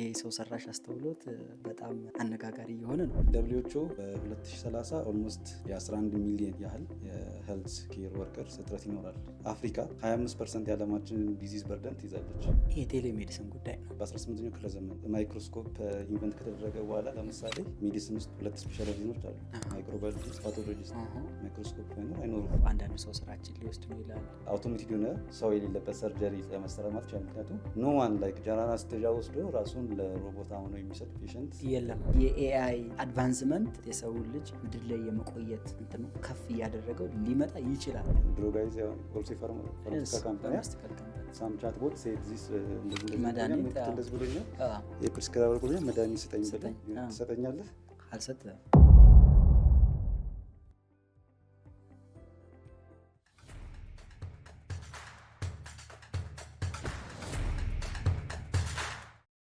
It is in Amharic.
ይሄ ሰው ሰራሽ አስተውሎት በጣም አነጋጋሪ የሆነ ነው። ደብሊዎቹ በ2030 ኦልሞስት የ11 ሚሊዮን ያህል የሄልዝ ኬር ወርከርስ እጥረት ይኖራል። አፍሪካ 25 ፐርሰንት የዓለማችንን ዲዚዝ በርደን ትይዛለች። ይሄ ቴሌሜዲሲን ጉዳይ ነው። በ18ኛው ክፍለ ዘመን ማይክሮስኮፕ ኢንቨንት ከተደረገ በኋላ ለምሳሌ ሜዲሲን ውስጥ ሁለት ስፔሻላዚኖች አሉ። ማይክሮባዮሎጂስት፣ ፓቶሎጂስት። ማይክሮስኮፕ ባይኖር አይኖሩም። አንዳንዱ ሰው ስራችን ሊወስድ ነው ይላል። አውቶሜቲክ የሆነ ሰው የሌለበት ሰርጀሪ ለመሰረማት ምክንያቱም ኖዋን ዋን ላይክ ጀራና ስተዣ ወስዶ ራሱን ራሱን ለሮቦት አሁነው የሚሰጥ ፔሽንት የለም። የኤአይ አድቫንስመንት የሰውን ልጅ ምድር ላይ የመቆየት እንትኑ ከፍ እያደረገው ሊመጣ ይችላል። ድሮ ጋይዝ ካምፓኒ ሳም ዚስ መድኃኒት ብሎኛል፣ የፕሪስክራይበር ብሎኛል፣ መድኃኒት ስጠኝ ብለኝ ትሰጠኛለህ?